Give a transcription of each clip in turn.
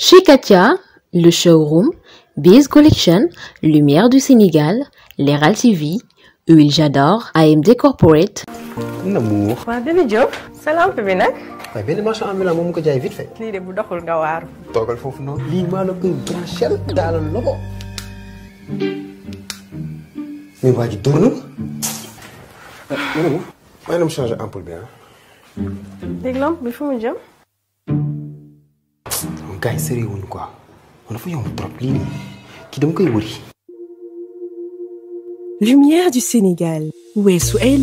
Chez Katia, le showroom, Biz Collection, Lumière du Sénégal, Leral TV, Huile J'adore, AMD Corporate. Namour. waaw bébé Diop. sa lampe bi nag. waaye benn marchand ambulant moom ko jaay vite fait. lii de bu doxul nga waaru. toogal foofu noonu. lii maa la koy branchel daalal la ko. mais waa ji dóor na. ah Namour. maa ngi doon changé ampoule bi ah. léegi lampe bi fu mu jëm. non gars yi sérieux wuñu quoi on dafa yomb trop lii nii Sénégal weesu ay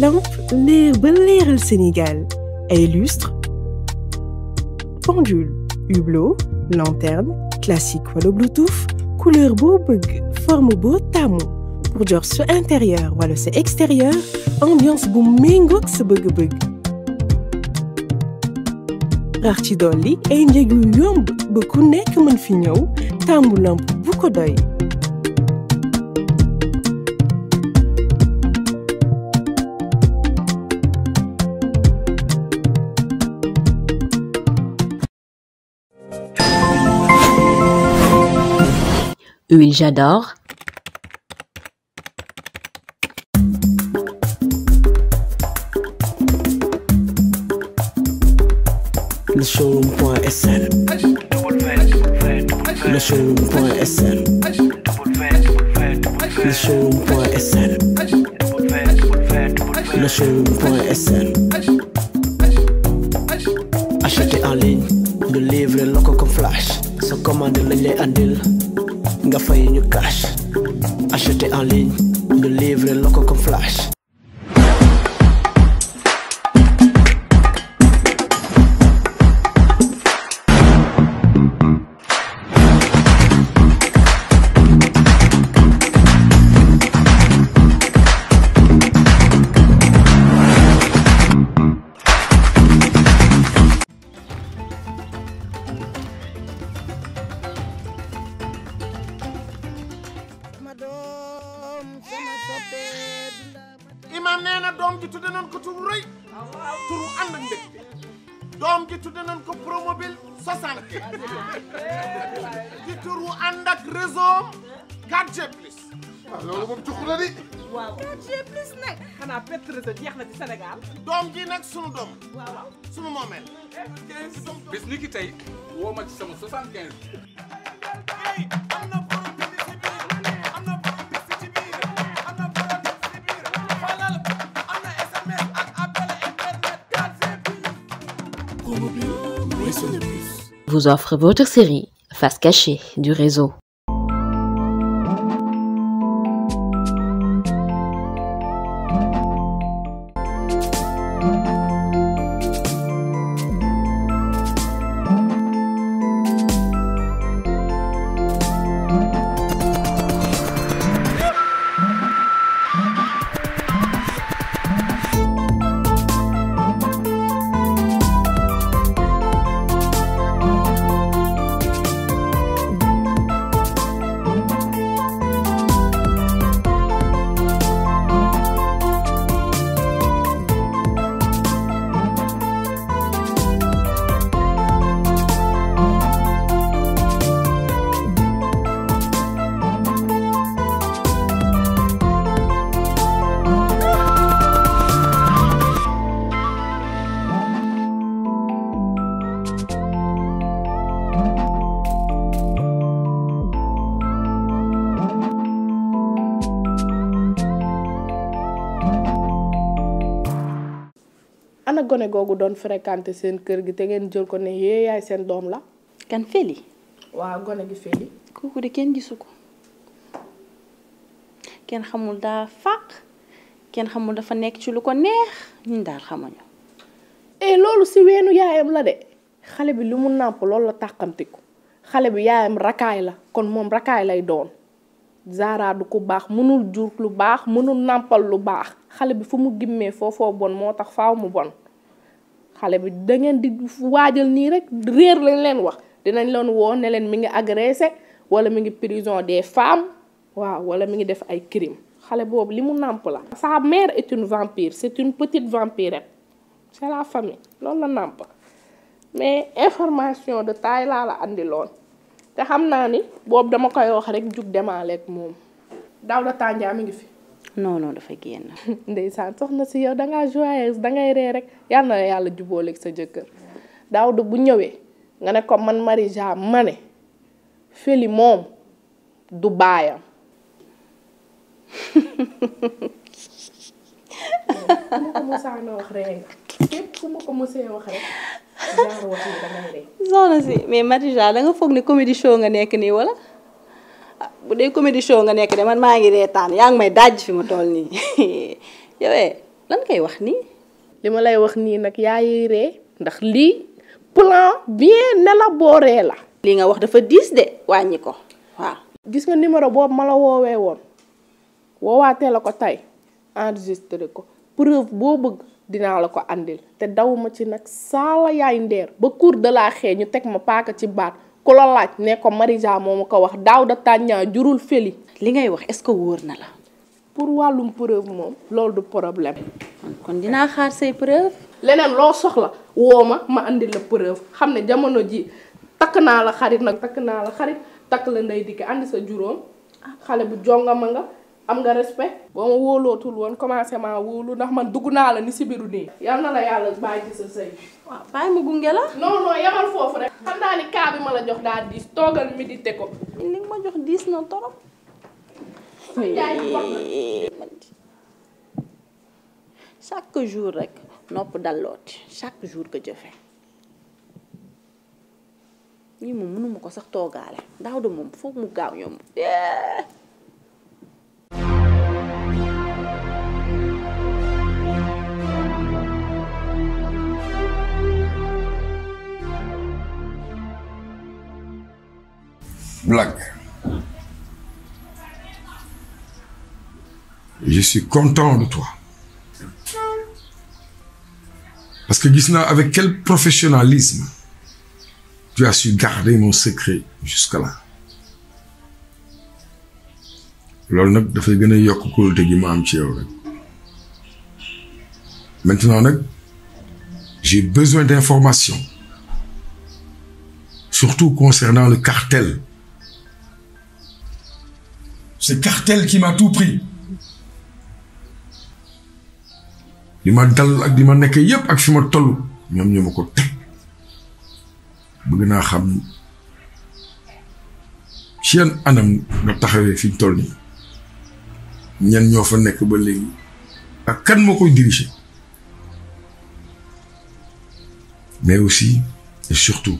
pendule hublot lanterne classique wala bluetooth couleur boo bëgg forme boo taamu pour jox sa intérieur wala sa ambiance bu méngoog sa bëgg rax ci dolli ay njëg yomb ba ku nekk mën fi ñëw taamu bu ko doy. Huile leshowroom.sn leshowroom.sn leshowroom.sn leshowroom.sn acheter en ligne ñu livrer la ko comme flash sa commande lañ lay andil nga fay ñu cash acheter en ligne ñu livrer la ko comme flash ci vous offre votre série Face cachée du réseau. gone googu doon fréquenté seen kër gi te ngeen jël ko ne yee yaay seen doom la. kan Feli. waaw gone gi Feli. kooku di kenn gisu ko kenn xamul daa fàq kenn xamul dafa nekk ci lu ko neex ñun daal xamuñu. eh loolu ci weenu yaayam la de xale bi lu mu nàmp loolu la tàqamtiku xale bi yaayam rakaay la kon moom rakaay lay doon. Zara du ku baax mënul jur lu baax mënul nàmpal lu baax xale bi fu mu gimmee foofoo bon moo tax faw mu bon xale bi da ngeen di waajal nii rek réer lañ leen wax dinañ loon woo ne leen mi ngi agressé wala mi ngi prison des femmes waaw wala mi ngi def ay crime xale boobu li mu nàmp la. sa mère est une vampire c'est une petite vampirette c'est la famille loolu la nàmp mais information de taille laa la andi lool te xam naa ni boobu dama koy wax rek jug demaaleek moom Daouda Tandian mi ngi fi. non dafa génn. ndeysaan soxna si yow da ngaa joyeuse ngay ree rek yal na yàlla jubóoleeg sa jëkkër daaw du bu ñëwee nga ne ko man Marija ma ne Feli moom du baayam. soxna si mais Marija da nga foog ne comédie show nga nekk nii wala. Ah, bu dee comédie show nga nekk de man maa ngi reetaan yaa ngi may daj fi ma toll nii yowee eh, lan ngay wax nii. li ma lay wax nii nag yaa ree ndax lii plan bien élaboré la. lii nga wax dafa diis de wàññi ko waaw. gis nga numéro boobu ma la woowee woon woowaatee la ko tey enregistré ko preuve boo bëgg dinaa la ko andil te dawuma ci nag saala yaay ndeer ba cour de la xee ñu teg ma paaka ci baat. ku la laaj ne ko Marija moo ma ko wax daaw da tàññaa jurul feli li ngay wax est-ce que wóor na la pour wàllum preuve moom loolu du problème kon dinaa xaar say preuve leneen loo soxla woo ma ma andi la preuve xam ne jamono ji takk naa la xarit nag takk naa la xarit takk la ndey dikk àndi sa juróom ah. xale bu jongama nga am nga respect boo ma wóolootul woon commencé maa wóolu ndax man dugg naa la ni si biiru nii yal na la yàlla bàyyi sa sëy waaw bàyyi ma gunge la non non yamal foofu rek xam naa ni cas bi ma la jox daa diis toogal médité ko li ma jox diis na torop chaque jour rek nopp dallooti chaque jour ko jëfe ñii moom mënuma ko sax toogaale daaw de moom foog mu gaaw ñoom eh! blague. Je suis content de toi. Parce que gis naa avec quel professionnalisme tu as su garder mon secret jusque-là. loolu nag dafay gën a yokk kóolute am ci yow rek. maintenant nag j'ai besoin d'informations surtout concernant le cartel. ce cartel qui m'a tout pris li ma dal ak li ma nekk yépp ak fi ma toll ñoom ñoo ma ko teg bëgg naa xam ci yan anam nga taxawee fi ñu toll nii ñan ñoo fa nekk ba léegi ak kan moo koy diriger mais aussi et surtout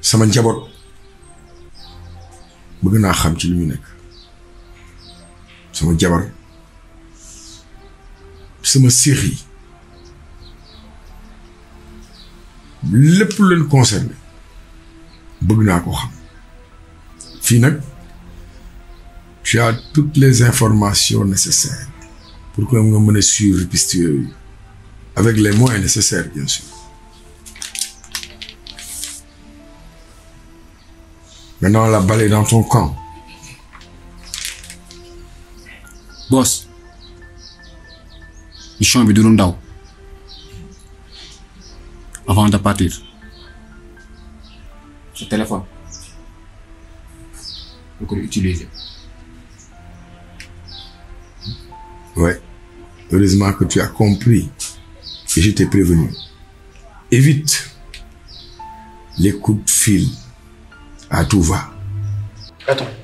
sama njaboot bëgg naa xam ci li ñu nekk sama jabar sama séex yi lépp lu leen concerné bëgg naa ko xam fii nag tu as toutes les informations nécessaires pour que nga mën a suivre piste yooyu avec les moyens nécessaires bien Maintenant, la balle dans ton camp. boss mission bi du lu ndaw avant de partir sa téléphone nga koy utiliser. ouais heureusement que tu as compris que je prévenu évite les coups de fil. à tout va. Attends,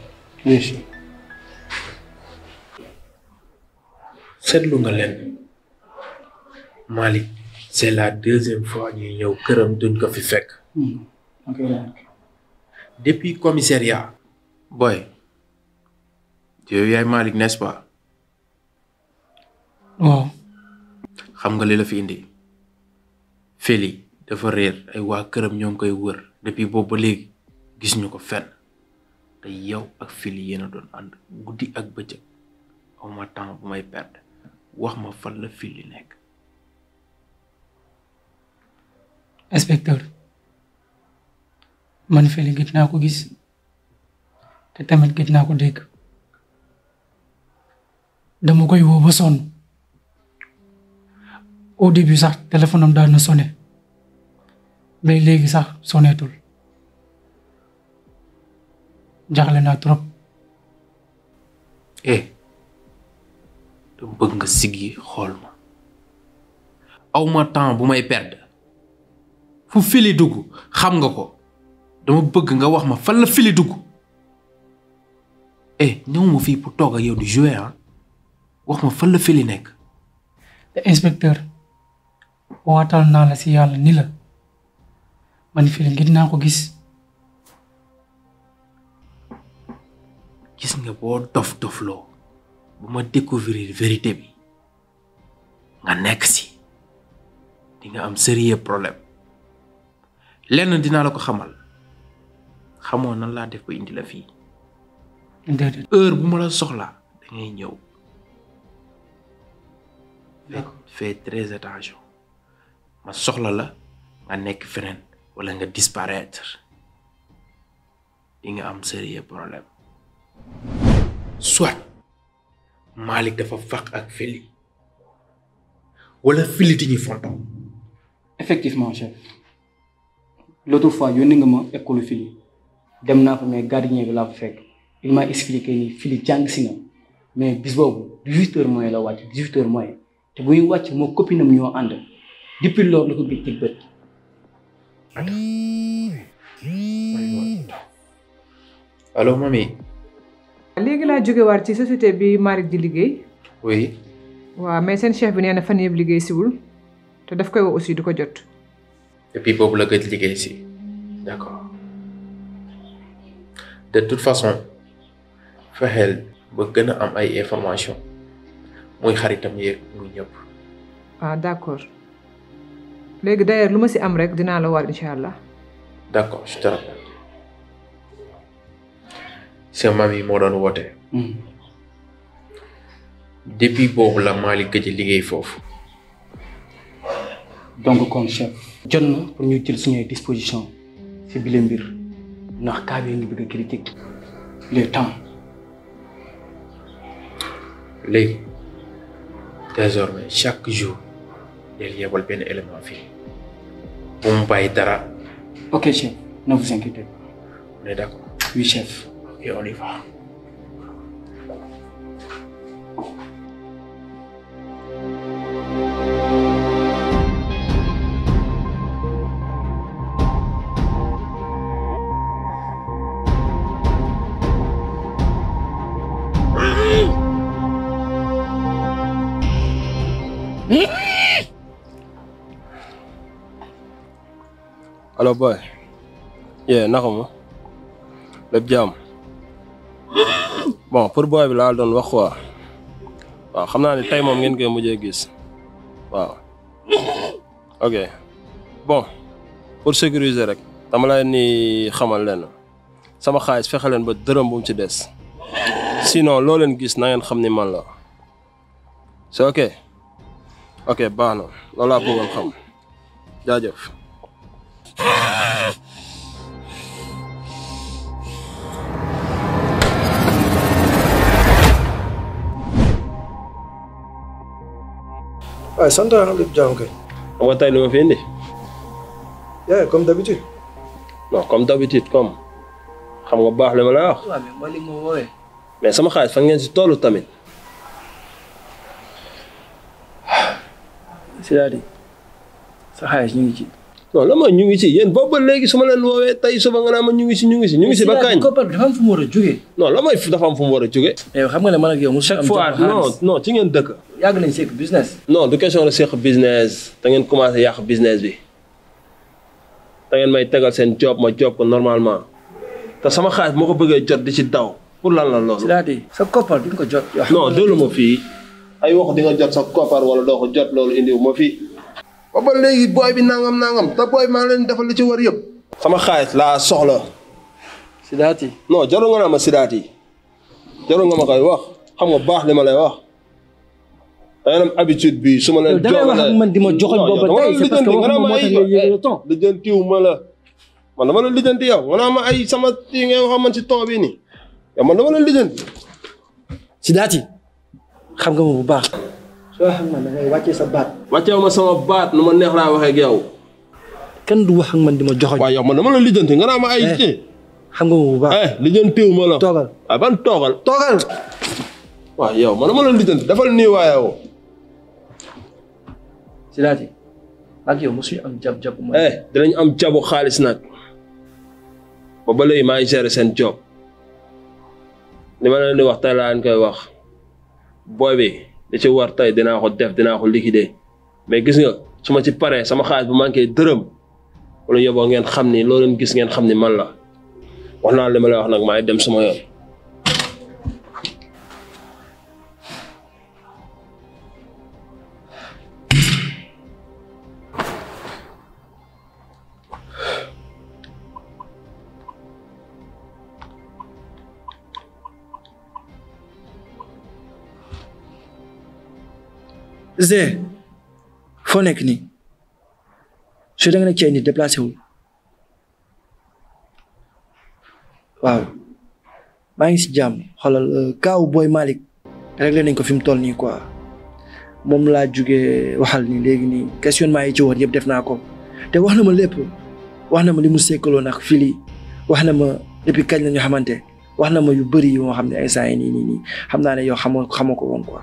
seetlu nga leen Malick c'est la deuxième fois ñuy ñëw këram duñ ko fi fekk. Hmm. depuis commissariat. boy yow yaay Malick n'est-ce xam nga li la fi indi Feli dafa réer ay waa këram ñoo ngi koy wër depuis boobu ba léegi. gis ñu ko fenn te yow ak fili yéen doon ànd guddi ak bëccëg awma temps bu may perdre wax ma fan la fili nekk inspecteur man fili gëj naa ko gis te tamit gëj naa ko dégg dama koy woo ba sonn au début sax téléphone am daan na sonné mais léegi sax sonnetul jaaxle naa trop. eh dama bëgg nga siggi xool ma aw temps bu may perd fu fili dugg xam nga ko dama bëgg nga wax ma fan la fili dugg eh ñëw ma fii pour toog a yow di jouer ah wax ma fan la fili nekk. te inspecteur waatal naa la si yàlla ni la man fili ngi dinaa ko gis. gis nga boo dof dofloo bu ma découvrir vérité bi nga nekk si di nga am sérieux problème lenn dina la ko xamal xamoo nan laa def ko indi la fii heure bu ma la soxla da ngay ñëw fais très attention ma soxla la nga nekk feneen wala nga disparaitre di nga am sérieux problème soit Malick dafa faq ak Feli wala Feli di ñuy fonto effectivement chef l'autre fois yónni nga ma école Feli dem naa fa mais gardien bi laa fa fekk il m'a expliqué ni Feli jàng si na mais bis boobu dix-huit heures mooy la wàcc dix-huit mooy te bu ñuy wàcc moo copine am ñoo ànd depuis loolu la ko gëj teg bët. allo allo léegi laa jógewaat ci société bi Malick di liggéey. oui. waaw mais seen chef bi nee na fan yëpp liggéey siwul te daf koy woo aussi du ko jot. depuis boobu la gëj liggéey si d'accord de toute façon fexeel ba gën a am ay information muy xaritam yeeg muy ñëpp. Ah, d'accord léegi d'ailleurs lu ma si am rek dinaa la war incha allah. d'accord je te rappelle. sama maam yi moo doon woote hmm. depuis boobu la Malick gëj liggéey foofu donc comme chef jot na pour ñu jël suñuy disposition si bile mbir ndax cas bi ngi bëgg a critique le temps léegi désormais chaque jour del yebal benn élément fi bu mu bàyyi dara ok chef ne vous inquiétez pas on est d'accord chef y oliva. Hello boy. Yeah, naka ma bon pour booy bi laa doon wax quoi waaw xam naa ne tey moom ngeen koy mujjee gis waaw ok bon pour sécuriser rek dama lay ni xamal leen sama xaalis fexe leen ba dërëm bu mu ci des sinon loo leen gis na ngeen xam ni man la c'est ok ok baax na loolu laa xam jaajëf. waaye santa naa lépp jàmm kay. xam tey lu ma fi indi. yaa comme d'habitude. non comme xam nga baax li ma la wax. waaw mais mooy li ma woowee. mais sama xaalis fan si toll tamit. cest à sa xaalis ñu ngi ci. non ma ñu ngi si yéen boobu ba léegi su ma leen woowee tey suba nga naa ma ñu ngi si ñu ngi si ngi si ba kañ dafa am fu mu war a jógee non la may dafa am fu mu war a jógee mais eh, xam nga ne man ak yow chaque fois non non ci ngeen dëkk du question de seq business da ngeen commencé yàq business bi da ngeen may tegal seen job ma job ko normalement te sama xaalis moo ko bëggee jot di ci daw pour lan la loolu cest sa koppar di nga ko jot non dolu ma fii ay wax di nga jot sa koppar wala doo ko jot loolu indiw ma fii ba ba léegi booy bi nangam nangam te booy bi maa leen defal li ci war yëpp. sama xaalis laa soxla. sidaat yi. noo jarul nga naa ma sidaat yi jarul nga ma koy wax xam nga baax li ma lay wax. da ngeen am habitude bi su ma la man di ma joxoñ boobu tey c'est parce que waxuma moo tax nga temps lijjantiw ma la man dama yow nga naa ma ay sama yi ngeen wax man si temps bii nii yow man dama la lijjanti. yi xam nga ma bu baax. soo a man da ngay wàcce sa baat. ma sama baat nu ma neex laa waxee ak kenn du wax ak man di ma joxoñ. waaw yow man dama la lijjanti nga naa ma ay. ci eh, xam nga bu baax. Eh, lijjantiwu ma la. toogal waaw ah, ban toogal. toogal. waaw yow ma dama la lijjanti dafal nii waaye woo. Sidaati ak yow mosuñu am jab jabu ma. Eh, dinañ am jabu xaalis nag ba ba léegi maa ngi gérer seen job li ma leen di wax tey laa leen koy wax booy li ci war tey dinaa ko def dinaa ko liquider mais gis nga su ma ci paree sama xaalis bu manqué dërëm wala yóbboo ngeen xam ni loo leen gis ngeen xam ni man la wax naa li ma lay wax nag maay dem suma yoon. Zé foo nekk ni su dee nga ne cee nii déplacé wu waaw maa ngi si jàmm xoolal euh, kaaw booy Malick réglé nañ ko fi mu toll nii quoi moom laa jugee waxal ni léegi nii questionnement yi ci woon yëpp def naa ko te wax na ma lépp wax na ma li mu sekkaloon ak fili wax na ma depuis kañ la ñu xamante wax na ma yu bëri yoo xam ne ay saa yi nii nii nii xam naa ne yow xamoo xamoo ko woon quoi.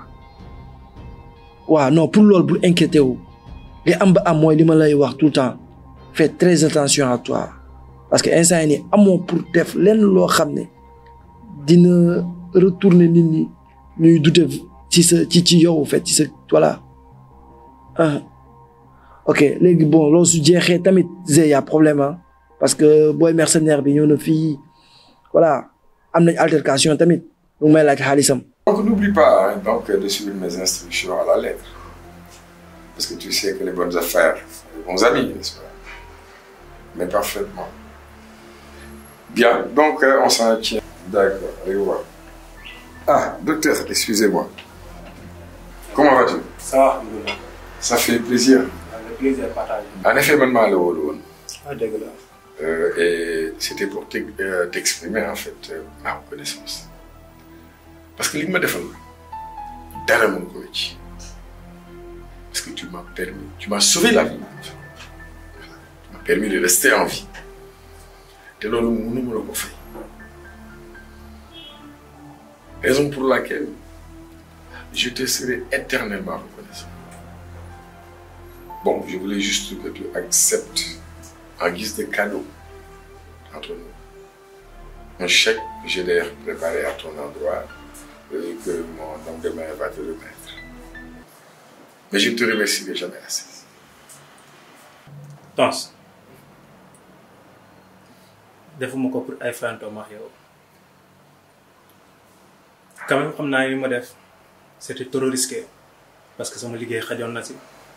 waaw non pour lool bul inquiété wu li am ba am li ma lay wax tout le temps fais très à toi parce que instant yi nii amoo pour def lenn loo xam ne dina retourner nit ñi ñuy dute ci sa ci ci yow fait ci sa voilà ah ok léegi bon loolu su jeexee tamit zé y a problème parce que booy mercenaire bi ñëw na fii voilà am nañ altercation tamit lu may laaj xaalisam Donc n'oublie pas hein, donc, euh, de suivre mes instructions à la lettre. Parce que tu sais que les bonnes affaires, les bons amis, nest pas Mais parfaitement. Bien, donc euh, on s'en tient. D'accord, allez voir. Ah, docteur, moi Comment vas-tu Ça fait plaisir. En effet, maintenant, le ah, euh, et c'était pour t'exprimer, en fait, ma reconnaissance. parce que li ma defal dara mën ko parce que tu m'as sauvé la vie tu m'as permis de rester en vie te loolu mënuma la ko fay raison pour laquelle je te éternellement reconnaissant je voulais juste que tu acceptes en guise de cadeau entre nous un chèque j'ai d'ailleurs préparé à ton endroit et que mon homme de main Tons defuma ko pour ay fantôme ak yow quand même xam naa li ma def c'était trop risqué parce que sama liggéey xajoon na si.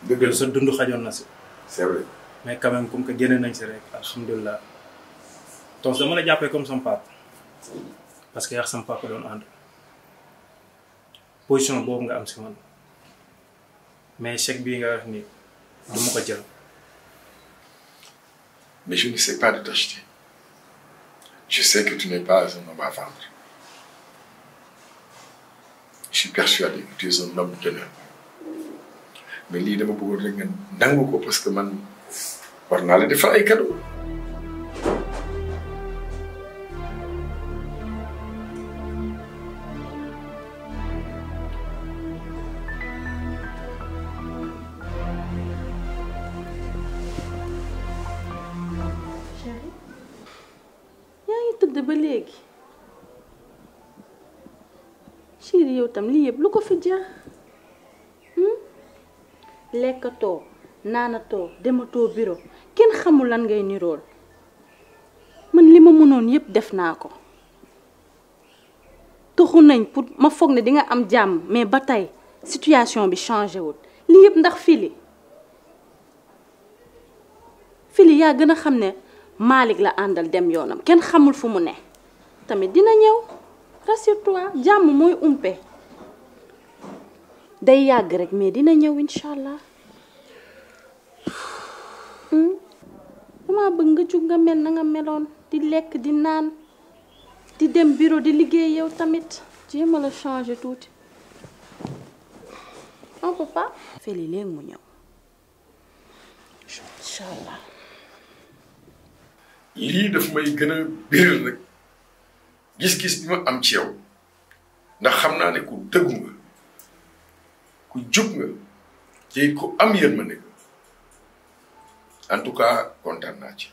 dëgg sa dund xajoon na si. c'est mais quand même comme que génne nañ si rek alhamdulilah Tons dama la jàppee comme sama parce que yaa sama papa doon ànd. position boobu nga am si man mais chèque bii nga wax ni du ma ko jël. mais je ne sais pas de t'acheter je sais que tu n'es pas un homme à vendre je suis persuadé que tu es mais lii dama bëggoon rek nga nangu ko parce que man war naa la defal ay cadeaux. itam lii yëpp lu ko fi jeex hmm? lekkatoo naanatoo dematoo bureau kenn xamul lan ngay nirool man li ma mënoon yëpp def naa ko toxu nañ pour ma foog ne di nga am jàmm mais ba tey situation bi changé wut lii yëpp ndax fili fili yaa gën a xam ne Malick la àndal dem yoonam kenn xamul fu mu ne tamit dina ñëw rassure jàmm mooy umpe day yàgg rek mais dina ñëw incha allah hmm? dama bëgg nga jug nga mel na nga meloon di lekk di naan di dem bureau di liggéey yow tamit jéem a la changer tuuti on peut pas. Feli léegi mu ñëw lii daf may gën a biral nag gis-gis bi ma am ci yow ndax xam naa ne ku dëggu ku jub nga ci ku am yërmande en tout ca kontaan naa ci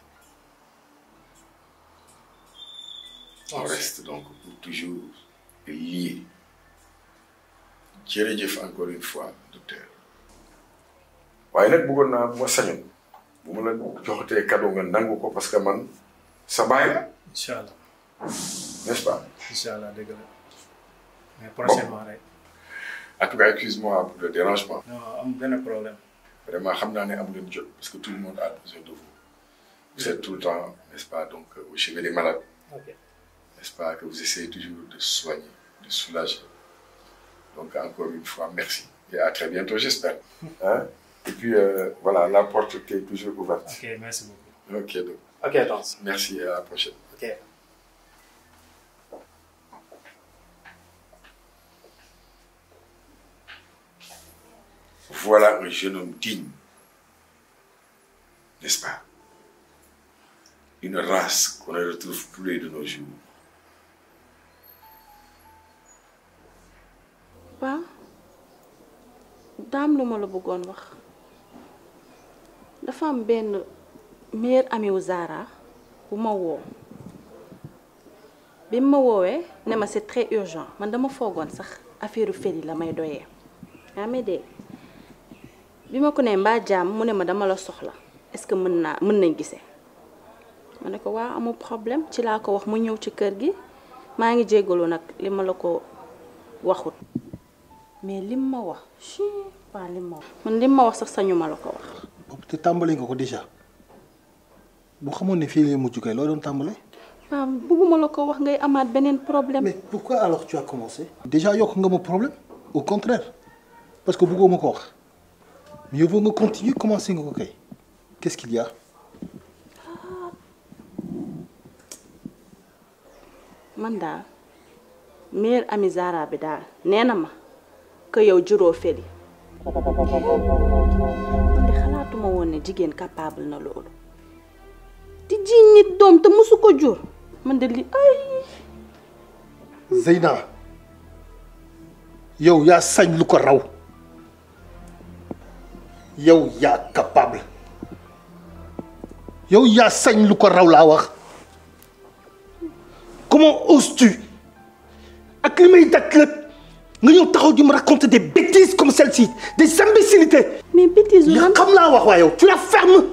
on reste donc pour toujours lié jërëjëf encore une fois docteur waaye nag bëggoon naa bu ma sañoon bu ma la joxatee cadeau nangu ko parce que man sa baay la en tout cas excuse-moi pour dérangement. non am benn problème. vraiment xam naa ne am leen jot parce que tout le monde a besoin de vous. vous êtes tout le temps n'est-ce pas donc euh, au chevet des malades. n'est-ce pas que vous essayez toujours de soigner de soulager donc encore une fois merci. et à très bientôt j'espère. Hein? et puis euh, voilà la porte est toujours ouverte. ok merci beaucoup. donc. merci à la prochaine. voilà un jeune homme digne, n'est-ce pas Une race qu'on ne retrouve plus de nos jours. waaw daam lu ma la bëggoon wax dafa am benn meilleur ami wu Zara bu ma woo bi ma woowee ne ma c'est très urgent man dama foogoon sax affaire u Feli la may doyee yaa may bi ma ko nee mbaa jaam mu ne ma dama la soxla est-ce que mën naa mën nañ gisee ma ne ko waa amul problème ci laa ko wax mu ñëw ci kër gi maa ngi jéggalu nag li ma la ko waxut mais lim ma wax si pas lim ma wax man lim ma wax sax sañu ma la ko wax boobu te tàmbali nga ko déjà bu xamoon ne fii lay mujj kay loo doon tàmbale waaw bëgguma la ko wax ngay amaat beneen problème mais pourquoi alors tu as commencé déjà yokk nga ma problème au contraire parce que bëggoo ma ko wax yow boo nga continuer commencé nga ko kay man daal mère ami bi daal nee na ma que yow juróo feli man de xalaatuma woon ne jigéen capable na loolu di jiiñ nit doom te mësu ko jur man de li ay Zeyna yow yaa sañ lu ko raw yow yaa capable yow yaa sañ lu ko raw laa wax comment oses-tu ak li may daj lépp nga ñëw taxaw di me raconter des bêtises comme celle-ci des imbécilités. mais bêtises lan xam laa wax waaye yow tu la fermes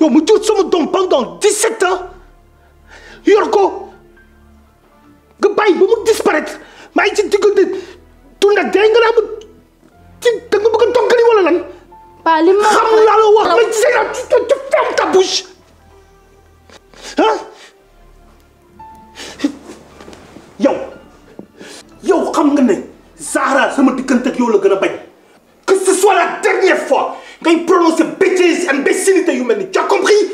yow mu jur sama doom pendant dix-sept ans yor ko nga ba mu disparaître maa ngi ci diggante tunda dee nga naa ci da nga bëgg a toggali wala lan. xam nga seen yow yow xam nga ne Zahra sama diggante ak yow la gën a bañ que ce soit la dernière fois ngay prononcer bêtise and imbécilité yu mel ni tu as compris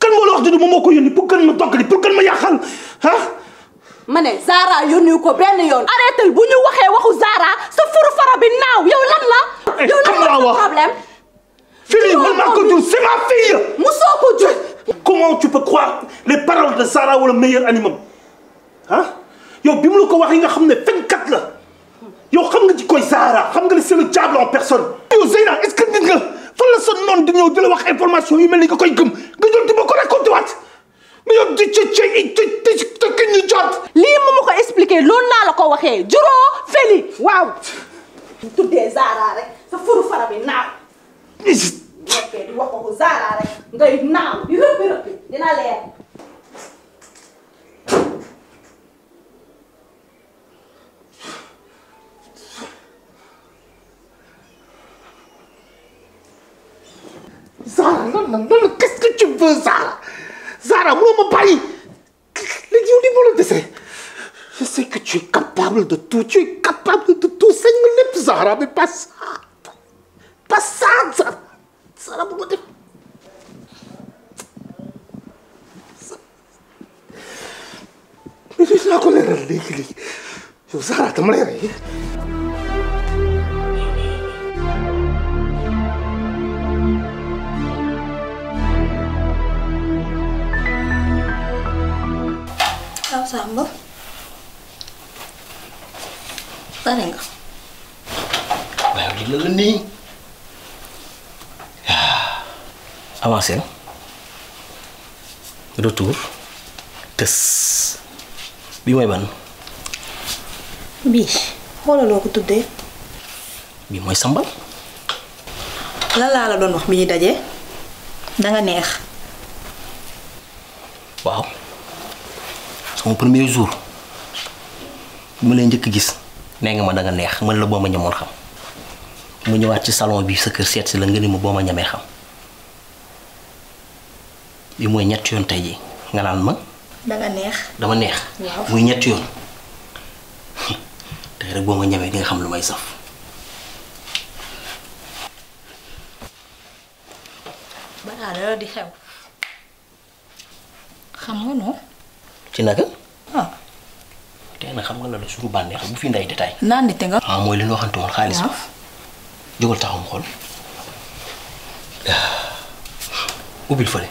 kan moo la wax dëgg moom moo ko yónni pour ma toggali ma ne Zara yónni ko benn yoon. arrêté bu ñu waxee waxu Zara sa furu fara bi naaw yow lan la. Eh, yow lan la problème. fille man maa ko jur c'est ma fille. musoo ko jur. comment tu peux croire les paroles de Zara wala meilleur animam ah yow bi mu la ko waxee nga xam ne fenkat la yow xam nga ci koy Zara xam nga ne c'est le diable en personne. yow Zeyna est-ce que nit nga fan la sa noon di ñëw di la wax information yu mel ni nga koy gëm nga jël di ma ko raconté waat. mais yow di ci ci ci ci ci ñu jot. lii mu ma ko expliqué loolu laa la ko waxee juróo feli waaw. bu tuddee Zara rek sa furu fara bi naaw. ok di wax ko Zara rek ngay naaw di rëbbi rëbbi dina leer. Zara lan lan lan qu'est-ce que tu veux Zara. Zara mënoo ma bàyyi léegi yow lii moo la dese je sais que tu es capable de tout tu es capable de tout sañ nga lépp Zara mais pas ça pas ça Zara Zara bu ma def. mais dinaa ko leeral léegi léegi yow Zara dama lay rey. Awa Samba pare nga. waaw di la retour tës bi mooy ban. bii xoolaloo ko tuddee. bii mooy sambal. lan la doon wax bi ñuy dajee danga neex. waaw. sama premier jour mu ma lay njëkk gis nee nga ma da neex mën la boo ma ñamoon xam mu ñëwaat ci salon bi sa kër seet la nga ni ma boo ma ñamee xam bi mooy ñett yoon tey ji nga neex dama neex. muy yoon tey rek boo ma ñamee di xam lu may saf. balaa dara di xew xam nga ci naka. ah. tey nag xam nga loolu suñu bànneex bu fi nday détail. naan nite nga. ah mooy li ñu xaalis ba. jógal taxaw mu xool. Ah. ubbil fële.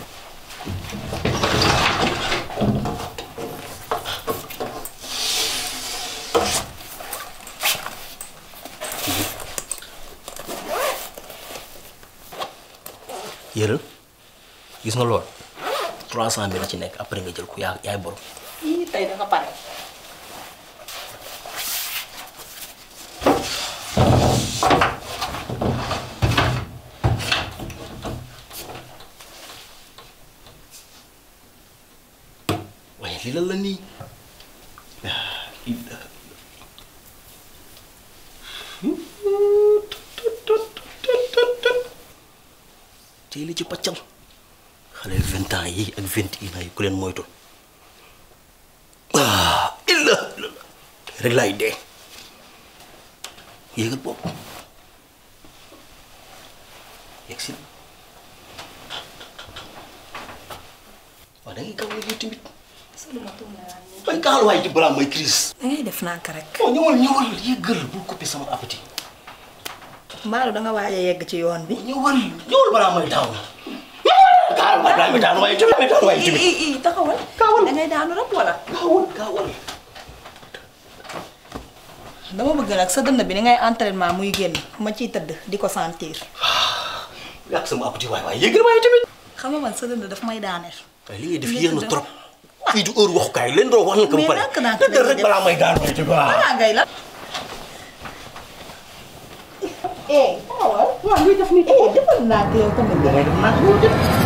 yëral gis nga lool. trois cent mille ci nekk après nga jël ko yaa yaay borom. ii tey dafa pare. waaye li lan la nii. tey li ci pàccam. vingt et un yi ku leen moytu ah illa rek laay dee yéegal bopp gaaw a tamit. bañ balaa may crise. da def nànk rek. waaw oh, ñëwal ñëwal yëggal bu coupé sama appétit. Mbaalu da nga waaj yegg ci yoon bi. ñëwal balaa may daaw. gaawal waaye daal ma daanu waaye ma daanu waaye jublu. taxawal. gaawal da dama bëgg nag sa bi ni ngay entraînement muy génn ma ciy tëdd di ko sentir. yàq sama appétit waay waay yëg na waaye tamit. xam nga man sa daf may daaneel. li ngay def yéex na trop. fii du heure waxukaay leen doo wax na ko ba pare. mais naka rek balaa may daanu waaye tamit waaw. ngay la. eh waaw waaw luy def nii. eh defal naa teel tamit.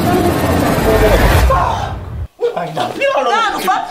Ay, la pior. Dano, fa...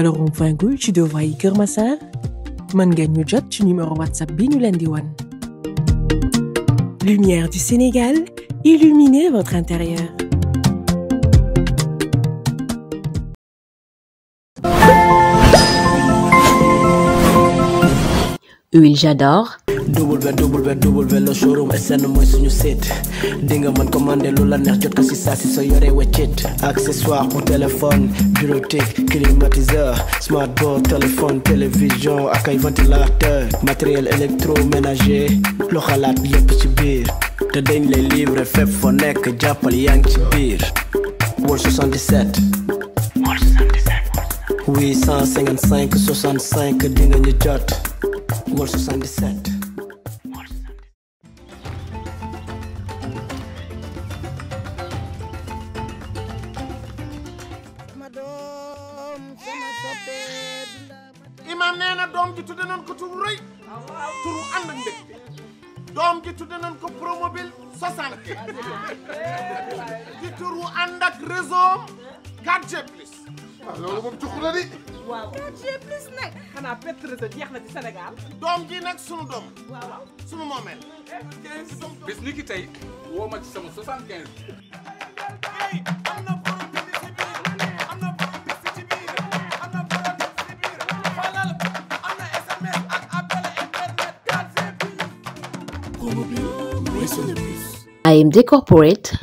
fa la rond-point ngeen ñu jot ci numéro whatsapp bi ñu leen di wan. Lumière du Sénégal, illuminez votre intérieur. Huile J'adore. www la showroom SN mooy suñu site di nga mën commandé lu la neex jot ko si saa si soo yoree weccit accessoire pour téléphone bureautique climatiseur smartboard téléphone télévision ak ay ventilateur matériel électroménager loo xalaat yépp ci biir te dañ lay livrer fépp foo nekk jàppal yaa ngi ci biir wol 77 855 65 di nga jot wol sànq ci tur wu ànd ak réseau quartier plus. waaw ah, loolu moom jox la di. waaw quartier plus nag. xanaa perte réseau jeex na ci Sénégal. doom ji nag sunu doom. waaw sunu moomeel. bis ni tey woo ma ci sama 75. I am decorporate